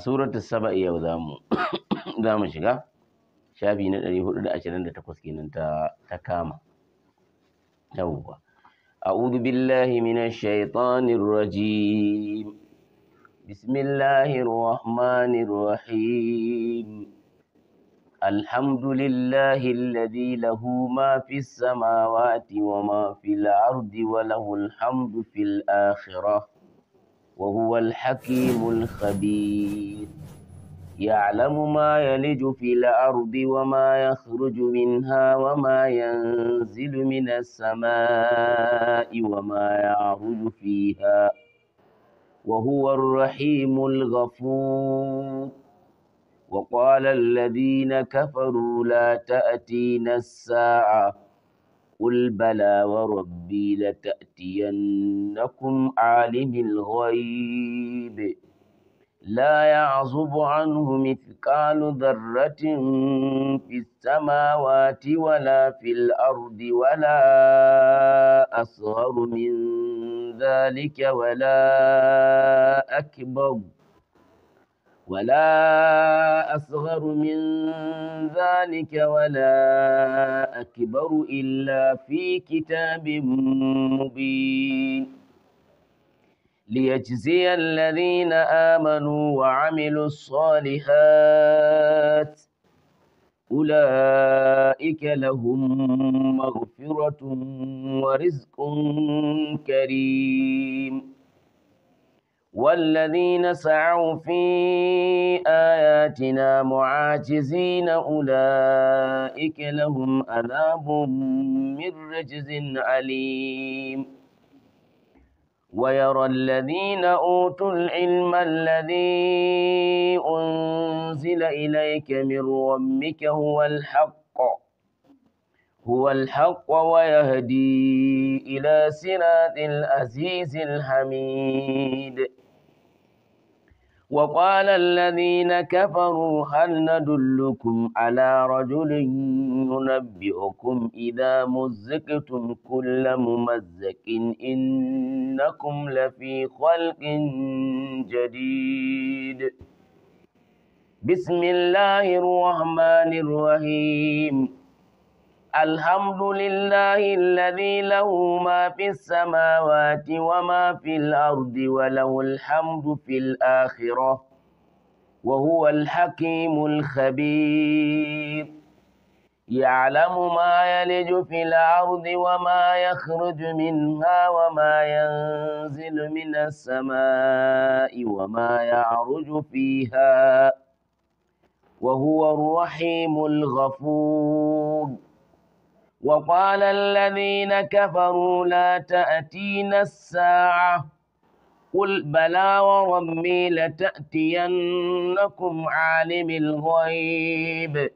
suratu saba'i yau zamu shiga shafi na 428 kenan ta ta kama yawwa a'udhu billahi minash shaitanir rajim bismillahir rahmanir rahim الحمد لله الذي له ما في السماوات وما في الأرض وله الحمد في الآخرة وهو الحكيم الخبير يعلم ما يلج في الأرض وما يخرج منها وما ينزل من السماء وما يعرج فيها وهو الرحيم الغفور وقال الذين كفروا لا تأتينا الساعة قل بلى وربي لتأتينكم عالم الغيب لا يعزب عنه مثقال ذرة في السماوات ولا في الأرض ولا أصغر من ذلك ولا أكبر ولا أصغر من ذلك ولا أكبر إلا في كتاب مبين ليجزي الذين آمنوا وعملوا الصالحات أولئك لهم مغفرة ورزق كريم والذين سعوا في آياتنا معاجزين أولئك لهم عذاب من رجز عليم ويرى الذين أوتوا العلم الذي أنزل إليك من ربك هو الحق هو الحق ويهدي إلى صراط العزيز الحميد وقال الذين كفروا هل ندلكم على رجل ينبئكم إذا مزقتم كل ممزق إنكم لفي خلق جديد بسم الله الرحمن الرحيم الحمد لله الذي له ما في السماوات وما في الأرض وله الحمد في الآخرة وهو الحكيم الخبير يعلم ما يلج في الأرض وما يخرج منها وما ينزل من السماء وما يعرج فيها وهو الرحيم الغفور وقال الذين كفروا لا تأتين الساعة قل بلى وربي لتأتينكم عالم الغيب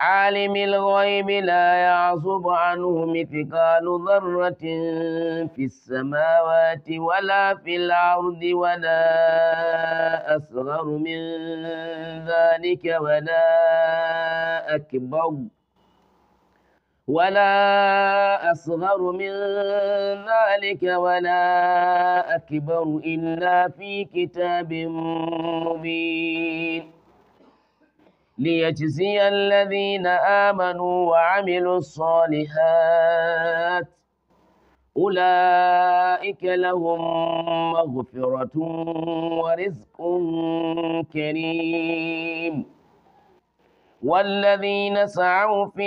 عالم الغيب لا يعصب عنه مثقال ذرة في السماوات ولا في الأرض ولا أصغر من ذلك ولا أكبر ولا أصغر من ذلك ولا أكبر إلا في كتاب مبين ليجزي الذين آمنوا وعملوا الصالحات أولئك لهم مغفرة ورزق كريم والذين سعوا في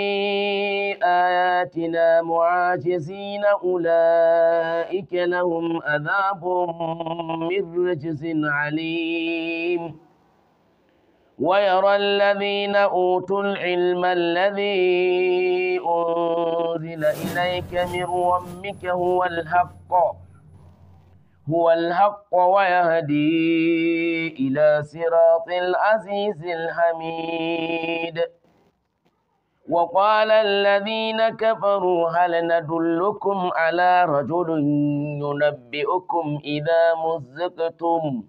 آياتنا معاجزين أولئك لهم أذاب من رجز عليم ويرى الذين أوتوا العلم الذي أنزل إليك من ربك هو الحق هو الحق ويهدي إلى صراط العزيز الحميد وقال الذين كفروا هل ندلكم على رجل ينبئكم إذا مزقتم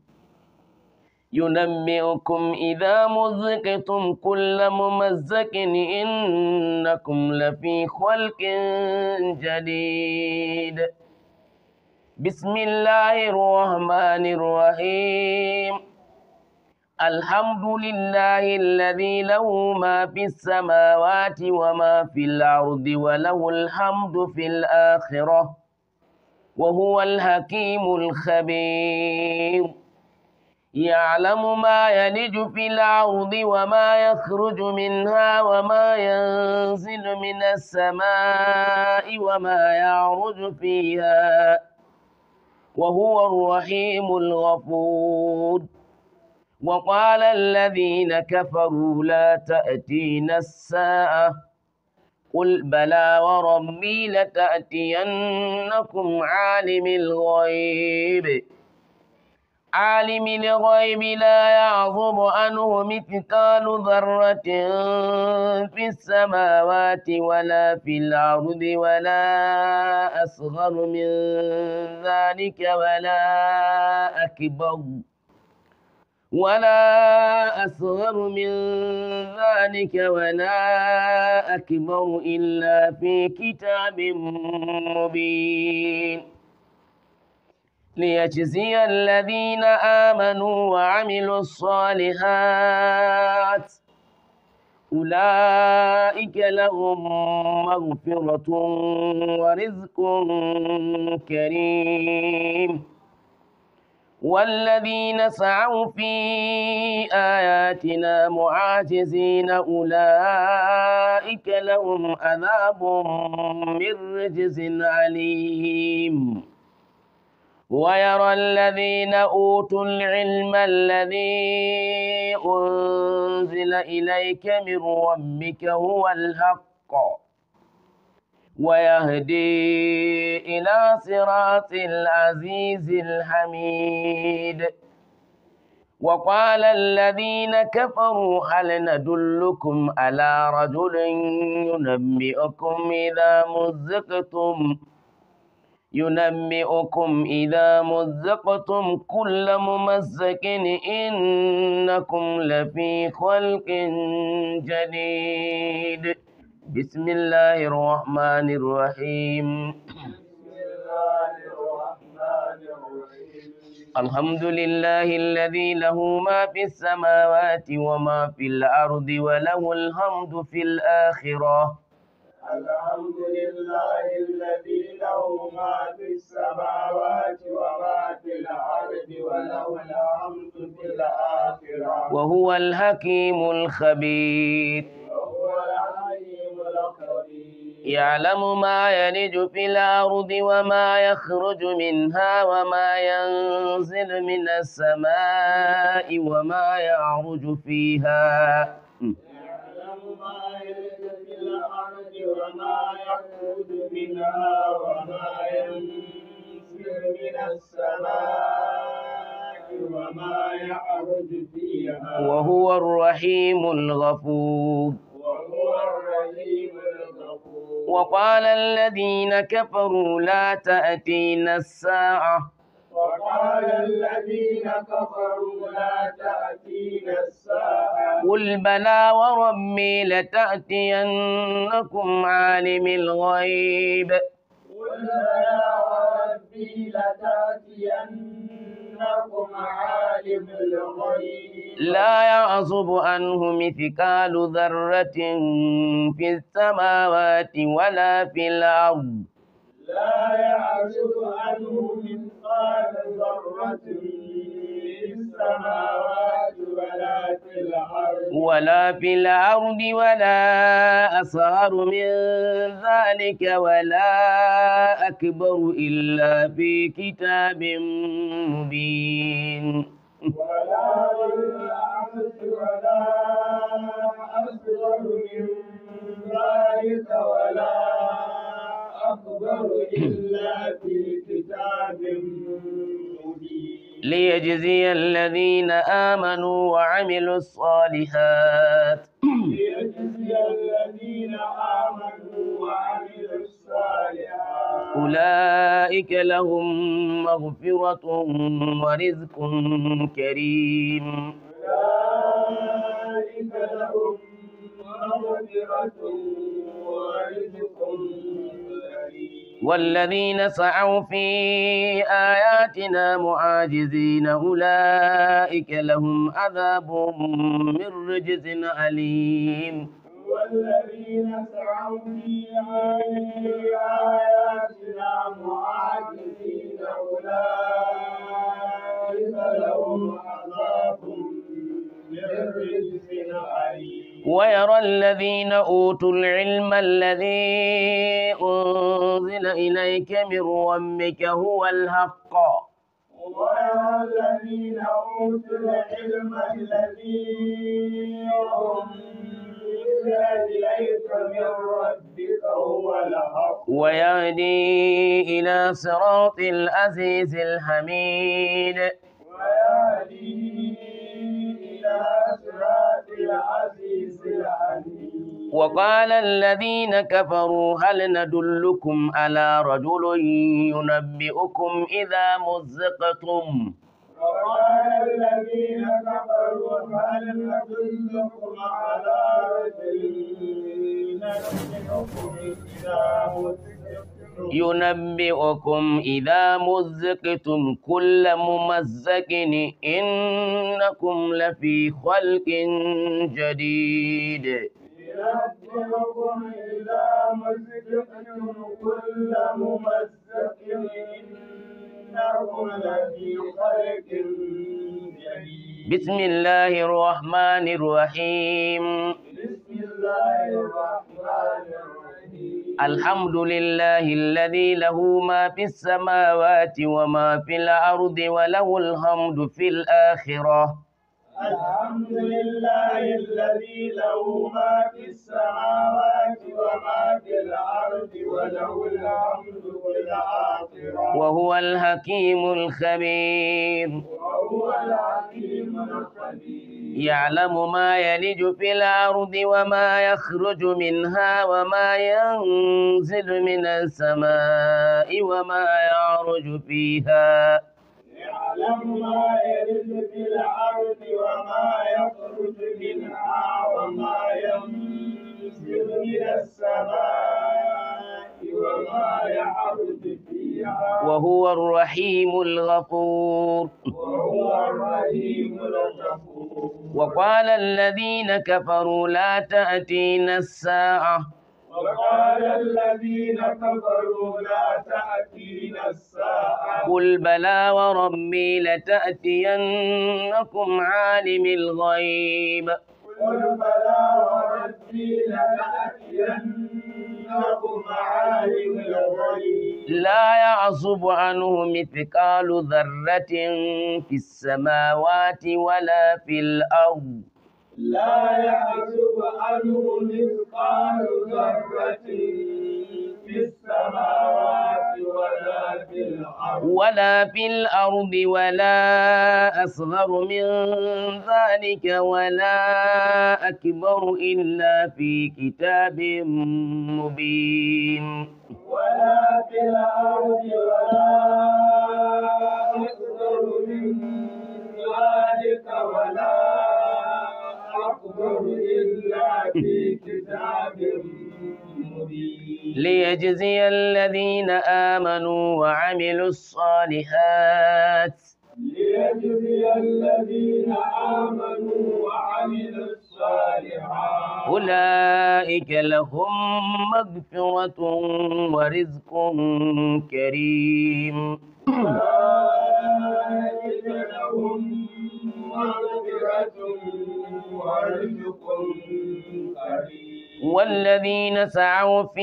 ينبئكم إذا مزقتم كل ممزق إنكم لفي خلق جديد بسم الله الرحمن الرحيم الحمد لله الذي له ما في السماوات وما في الأرض وله الحمد في الآخرة وهو الحكيم الخبير يعلم ما يلج في الأرض وما يخرج منها وما ينزل من السماء وما يعرج فيها وهو الرحيم الغفور وقال الذين كفروا لا تأتين الساعة قل بلى وربي لتأتينكم عالم الغيب عالم الغيب لا يعظم عنه مثقال ذرة في السماوات ولا في الأرض ولا أصغر من ذلك ولا أكبر ولا أصغر من ذلك ولا أكبر إلا في كتاب مبين ليجزي الذين آمنوا وعملوا الصالحات أولئك لهم مغفرة ورزق كريم والذين سعوا في آياتنا معاجزين أولئك لهم عذاب من رجز عليم ويرى الذين أوتوا العلم الذي أنزل إليك من ربك هو الحق ويهدي إلى صراط العزيز الحميد وقال الذين كفروا هل ندلكم على رجل ينبئكم إذا مزقتم ينبئكم إذا مزقتم كل ممزق إنكم لفي خلق جديد بسم الله الرحمن الرحيم الحمد لله الذي له ما في السماوات وما في الأرض وله الحمد في الآخرة الحمد لله الذي له ما في السماوات وما في الأرض وله الحمد في الآخرة وهو الحكيم الخبير وهو الحكيم الخبير يعلم ما يلج في الأرض وما يخرج منها وما ينزل من السماء وما يعرج فيها يعلم ما يلج وما يخرج منها وما ينزل من السماء وما يعرج فيها وهو الرحيم الغفور وهو الرحيم الغفور وقال الذين كفروا لا تأتينا الساعة قال الذين كفروا لا تأتينا الساعة قل بلى وربي لتأتينكم عالم الغيب قل بلى وربي لتأتينكم عالم الغيب لا يعصب عنه مثقال ذرة في السماوات ولا في الأرض لا يعصب عنه ولا في الأرض ولا أصغر من ذلك ولا أكبر إلا في كتاب مبين ولا في ولا أصغر من ذلك ولا أخبر إلا في كتاب مبين ليجزي الذين آمنوا وعملوا الصالحات ليجزي الذين آمنوا وعملوا الصالحات أولئك لهم مغفرة ورزق كريم أولئك لهم مغفرة ورزق والذين سعوا في آياتنا معاجزين أولئك لهم عذاب من رجز أليم والذين سعوا في آياتنا معاجزين أولئك لهم عذاب من رجز أليم ويرى الذين أوتوا العلم الذي أنزل إليك من ربك هو الحق ويرى الذين أوتوا العلم الذي أنزل إليك من ربك هو الحق ويهدي إلى صراط العزيز الحميد ويهدي إلى صراط العزيز العليم وقال الذين كفروا هل ندلكم على رجل ينبئكم إذا مزقتم وقال الذين كفروا هل ندلكم على رجل ينبئكم إذا مزقتم ينبئكم إذا مزقتم كل ممزق إنكم لفي خلق جديد ينبئكم إذا مزقتم كل ممزق بسم الله الرحمن الرحيم الحمد لله الذي له ما في السماوات وما في الأرض وله الحمد في الآخرة الحمد لله الذي له ما في السماوات وما في الأرض وله الحمد في الآخرة وهو الحكيم الخبير وهو الحكيم الخبير يعلم ما يلج في الأرض وما يخرج منها وما ينزل من السماء وما يعرج فيها يعلم ما يلد في الأرض وما يخرج منها وما ينزل من السماء وما يعرج فيها وهو الرحيم الغفور وهو الرحيم الغفور وقال الذين كفروا لا تأتين الساعة وقال الذين كفروا لا تأتينا الساعة قل بلى وربي لتأتينكم عالم الغيب قل بلى وربي لتأتينكم عالم الغيب لا يعصب عنه مثقال ذرة في السماوات ولا في الأرض لا يعزب عنه مثقال ذرة في السماوات ولا في الأرض ولا في الأرض ولا أصغر من ذلك ولا أكبر إلا في كتاب مبين ولا في الأرض ولا أصغر من ذلك ولا إلا في كتاب ليجزي الذين آمنوا وعملوا الصالحات ليجزي الذين آمنوا وعملوا الصالحات أولئك لهم مغفرة ورزق كريم أولئك لهم والذين سعوا في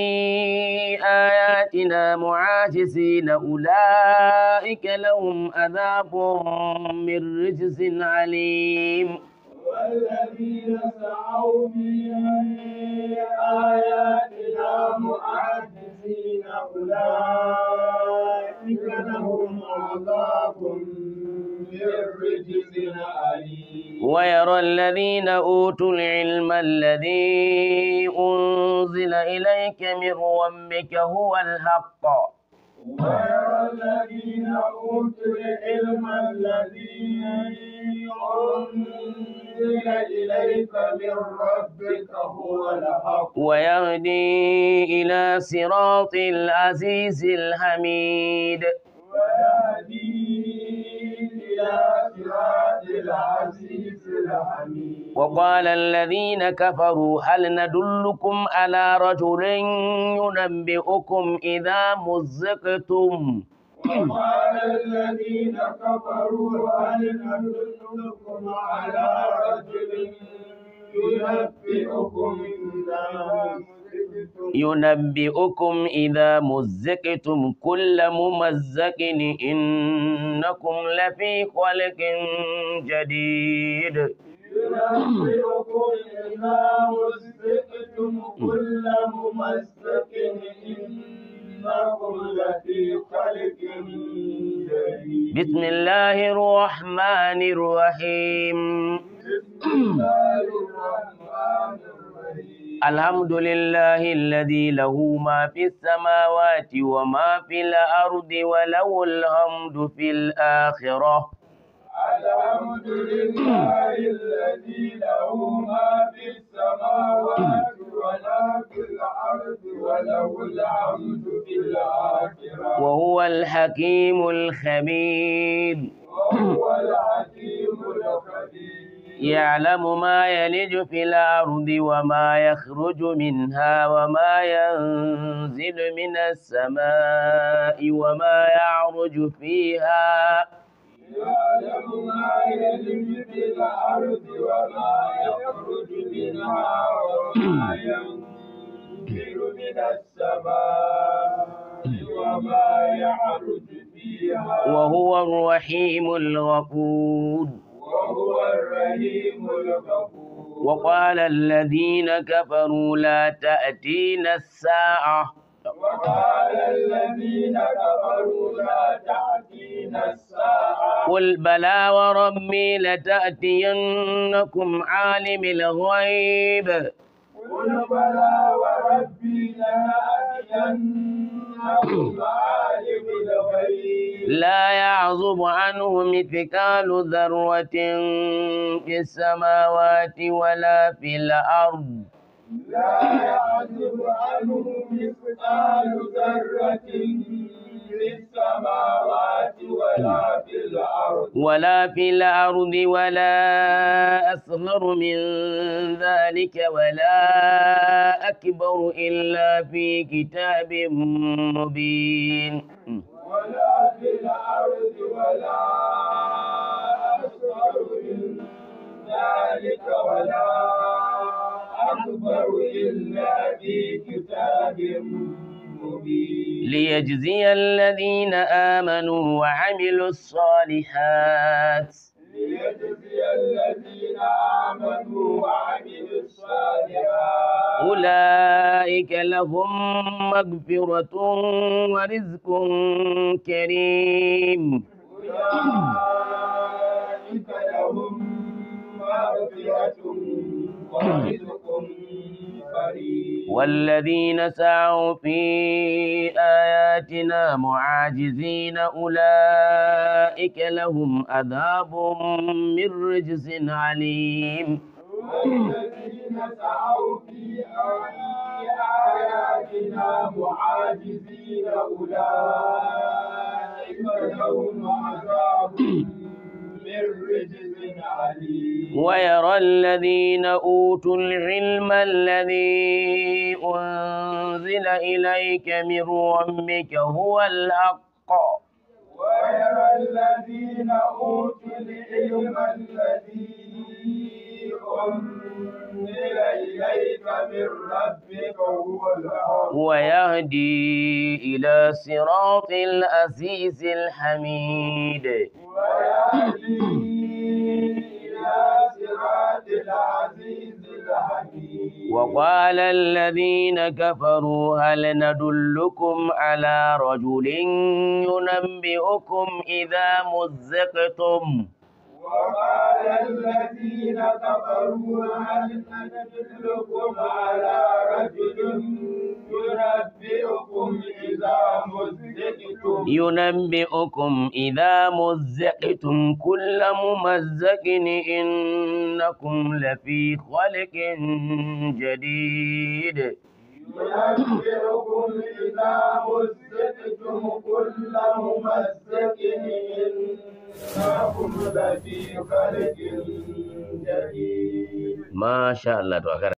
آياتنا معاجزين أولئك لهم عذاب من رجز عليم والذين سعوا في آياتنا معاجزين أولئك لهم عذاب ويرى الذين أوتوا العلم الذي أنزل إليك من ربك هو الحق ويرى الذين أوتوا العلم الذي أنزل إليك من ربك هو الحق ويهدي إلى صراط العزيز الحميد ويهدي وقال الذين كفروا هل ندلكم على رجل ينبئكم إذا مزقتم وقال الذين كفروا هل ندلكم على رجل ينبئكم إذا مزقتم ينبئكم إذا مزقتم كل ممزق إنكم لفي خلق جديد ينبئكم إذا مزقتم كل ممزق إنكم لفي خلق جديد بسم الله الرحمن الرحيم بسم الله الرحمن الرحيم الحمد لله الذي له ما في السماوات وما في الأرض وله الحمد في الآخرة الحمد لله الذي له ما في السماوات ولا في الأرض وله الحمد في الآخرة وهو الحكيم الخبير وهو الحكيم الخبير يعلم ما يلج في الأرض وما يخرج منها وما ينزل من السماء وما يعرج فيها يعلم ما يلج في الأرض وما يخرج منها وما ينزل من السماء وما يعرج فيها وهو الرحيم الغفور وهو الرحيم الغفور وقال الذين كفروا لا تأتينا الساعة وقال الذين كفروا لا تأتينا الساعة قل بلى وربي لتأتينكم عالم الغيب قل بلى وربي لتأتينكم عالم لا يعزب عنه مثقال ذرة في السماوات ولا في الأرض لا يعزب عنه مثقال ذرة في السماوات ولا في الأرض ولا في الأرض ولا أصغر من ذلك ولا أكبر إلا في كتاب مبين ولا في الأرض ولا أصغر من ذلك ولا أكبر إلا في كتاب ليجزي الذين آمنوا وعملوا الصالحات ليجزي الذين آمنوا وعملوا الصالحات أولئك لهم مغفرة ورزق كريم أولئك لهم مغفرة والذين سعوا في آياتنا معاجزين أولئك لهم عذاب من رجز عليم والذين سعوا في آياتنا معاجزين أولئك لهم عذاب ويرى الذين أوتوا العلم الذي أنزل إليك من ربك هو الحق ويرى الذين أوتوا العلم الذي أنزل إليك من ربك هو ويهدي إلى صراط العزيز الحميد ويهدي إلى صراط العزيز الحميد وقال الذين كفروا هل ندلكم على رجل ينبئكم إذا مزقتم وقال الذين كفروا هل ندلكم على رجل ينبئكم إذا مزقتم ينبئكم إذا مزقتم كل ممزق إنكم لفي خلق جديد ويكفركم إذا مزقتم كل ممزق إنكم لفي خلق جديد ما شاء الله تبارك